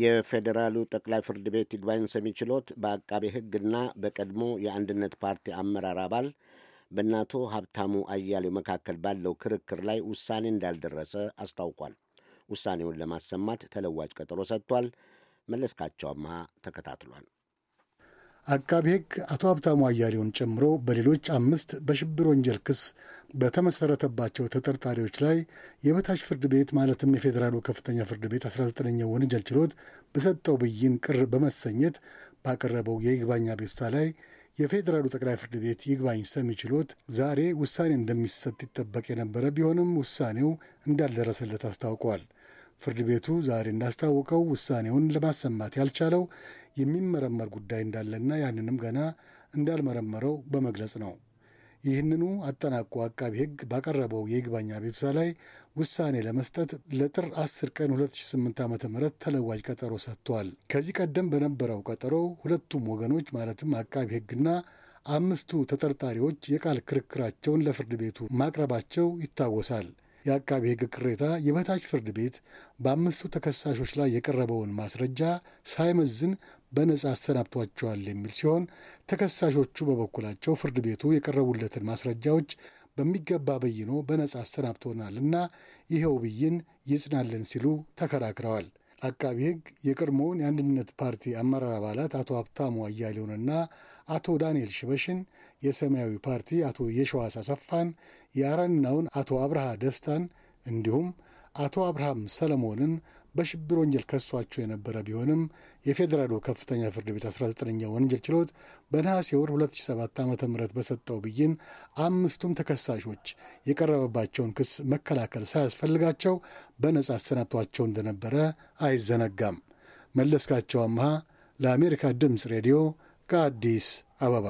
የፌዴራሉ ጠቅላይ ፍርድ ቤት ይግባኝ ሰሚ ችሎት በአቃቤ ሕግና በቀድሞ የአንድነት ፓርቲ አመራር አባል በእነ አቶ ሀብታሙ አያሌው መካከል ባለው ክርክር ላይ ውሳኔ እንዳልደረሰ አስታውቋል። ውሳኔውን ለማሰማት ተለዋጭ ቀጠሮ ሰጥቷል። መለስካቸው አምሃ ተከታትሏል። አቃቢ ሕግ አቶ ሀብታሙ አያሌውን ጨምሮ በሌሎች አምስት በሽብር ወንጀል ክስ በተመሠረተባቸው ተጠርጣሪዎች ላይ የበታች ፍርድ ቤት ማለትም የፌዴራሉ ከፍተኛ ፍርድ ቤት 19ኛው ወንጀል ችሎት በሰጠው ብይን ቅር በመሰኘት ባቀረበው የይግባኝ አቤቱታ ላይ የፌዴራሉ ጠቅላይ ፍርድ ቤት ይግባኝ ሰሚ ችሎት ዛሬ ውሳኔ እንደሚሰጥ ይጠበቅ የነበረ ቢሆንም ውሳኔው እንዳልደረሰለት አስታውቋል። ፍርድ ቤቱ ዛሬ እንዳስታወቀው ውሳኔውን ለማሰማት ያልቻለው የሚመረመር ጉዳይ እንዳለና ያንንም ገና እንዳልመረመረው በመግለጽ ነው። ይህንኑ አጠናቆ አቃቢ ሕግ ባቀረበው የይግባኝ አቤቱታ ላይ ውሳኔ ለመስጠት ለጥር 10 ቀን 2008 ዓ ም ተለዋጅ ቀጠሮ ሰጥቷል። ከዚህ ቀደም በነበረው ቀጠሮ ሁለቱም ወገኖች ማለትም አቃቢ ሕግና አምስቱ ተጠርጣሪዎች የቃል ክርክራቸውን ለፍርድ ቤቱ ማቅረባቸው ይታወሳል። የአቃቢ ሕግ ቅሬታ የበታች ፍርድ ቤት በአምስቱ ተከሳሾች ላይ የቀረበውን ማስረጃ ሳይመዝን በነጻ አሰናብቷቸዋል የሚል ሲሆን ተከሳሾቹ በበኩላቸው ፍርድ ቤቱ የቀረቡለትን ማስረጃዎች በሚገባ በይኖ በነጻ አሰናብቶናልና ይኸው ብይን ይጽናልን ሲሉ ተከራክረዋል። አቃቢ ሕግ የቀድሞውን የአንድነት ፓርቲ አመራር አባላት አቶ ሀብታሙ አያሌውንና አቶ ዳንኤል ሽበሽን፣ የሰማያዊ ፓርቲ አቶ የሸዋስ አሰፋን፣ የአረናውን አቶ አብርሃ ደስታን እንዲሁም አቶ አብርሃም ሰለሞንን በሽብር ወንጀል ከሷቸው የነበረ ቢሆንም የፌዴራሉ ከፍተኛ ፍርድ ቤት 19ኛ ወንጀል ችሎት በነሐሴ ወር 2007 ዓ ም በሰጠው ብይን አምስቱም ተከሳሾች የቀረበባቸውን ክስ መከላከል ሳያስፈልጋቸው በነጻ አሰናብቷቸው እንደነበረ አይዘነጋም። መለስካቸው አምሃ ለአሜሪካ ድምፅ ሬዲዮ ከአዲስ አበባ